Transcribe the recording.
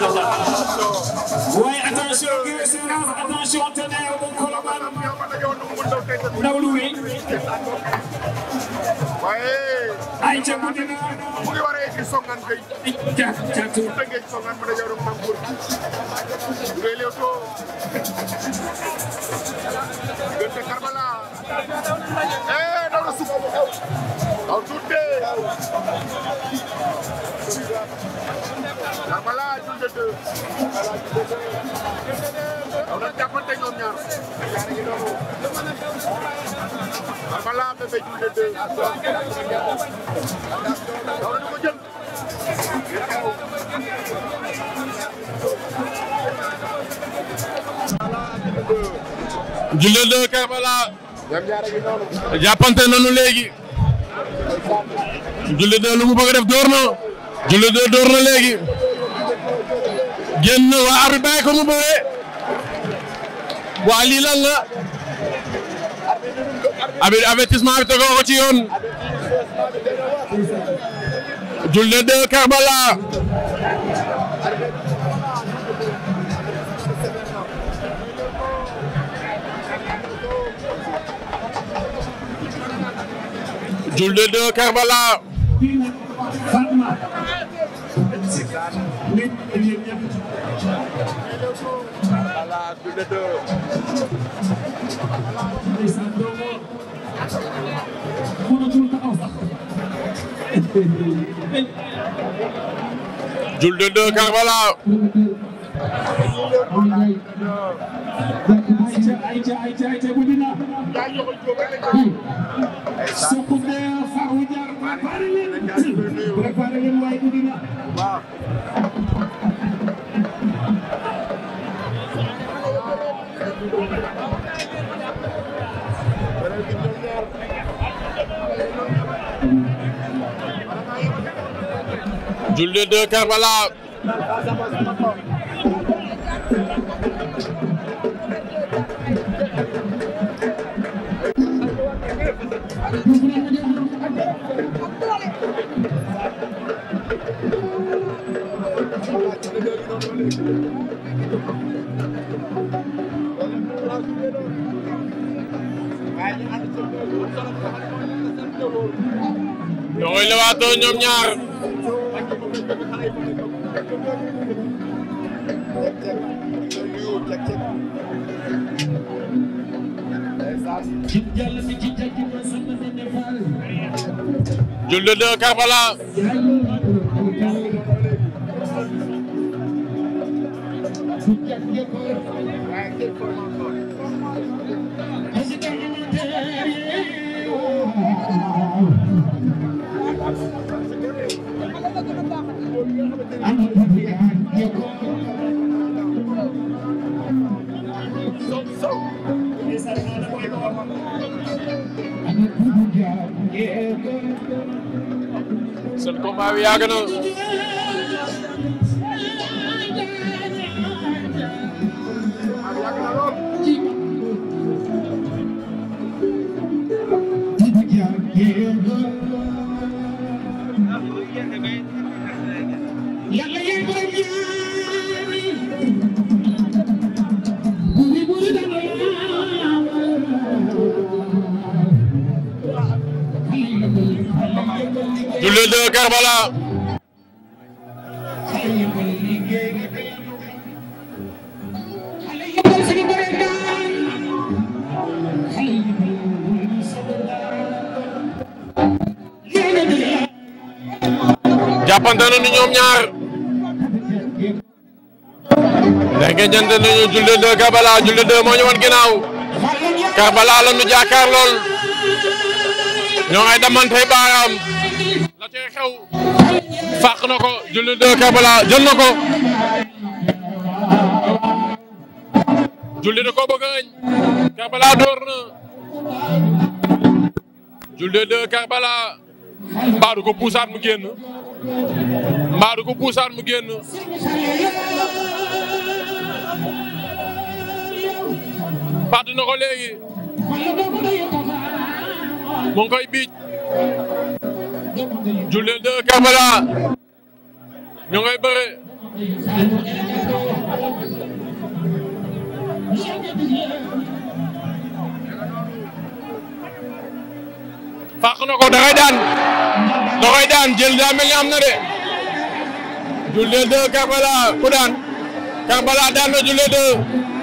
waaye attention Guiro Seras attention Tonnerre bu Colobane ndaw lu wéy ay ca guddi na mu ngi war a yegg songan kay ca ca tu tege songan mu dajaw man ko ngay lew to gënte Karbala aw na kay Fala jàppante nañu léegi Diouldé 2 lu mu bëgg def door na Diouldé 2 génn waa arbitre mu bëre waa lii lan la arbitre avertissement bi tegoo ko ci yoon Diouldé Balla Double 2 Double 2 Karbala Préparez-le, préparez-le, waay dina Jules 2 Karbala ñoo ngi lewaatoo ñoom ñaar Jules de Deux Karbala seen combat bi yàgg na Jules 2 Karbala jàppante nañu ñoom ñaar lekkejante nañu Jules 2 Karbala Jules 2 moo ñu wan ginnaaw Karbala la ñu jàkkaar lool ñoo ngay damantay baaraam cee xew fàq na ko Julde deux Karbala jël na ko Julde da koo bëgg a añ Karbala door na Julde deux Karbala mbaa du ko puusaat mu génn mbaa du ko puusaat mu génn fàtt na ko léegi mu ngi koy biij Diouldé 2 Karbala ñu ngay bëre fàq na ko da daan da daan jël daa mel na de Diouldé 2 Karbala ku daan Karbala daan na Diouldé 2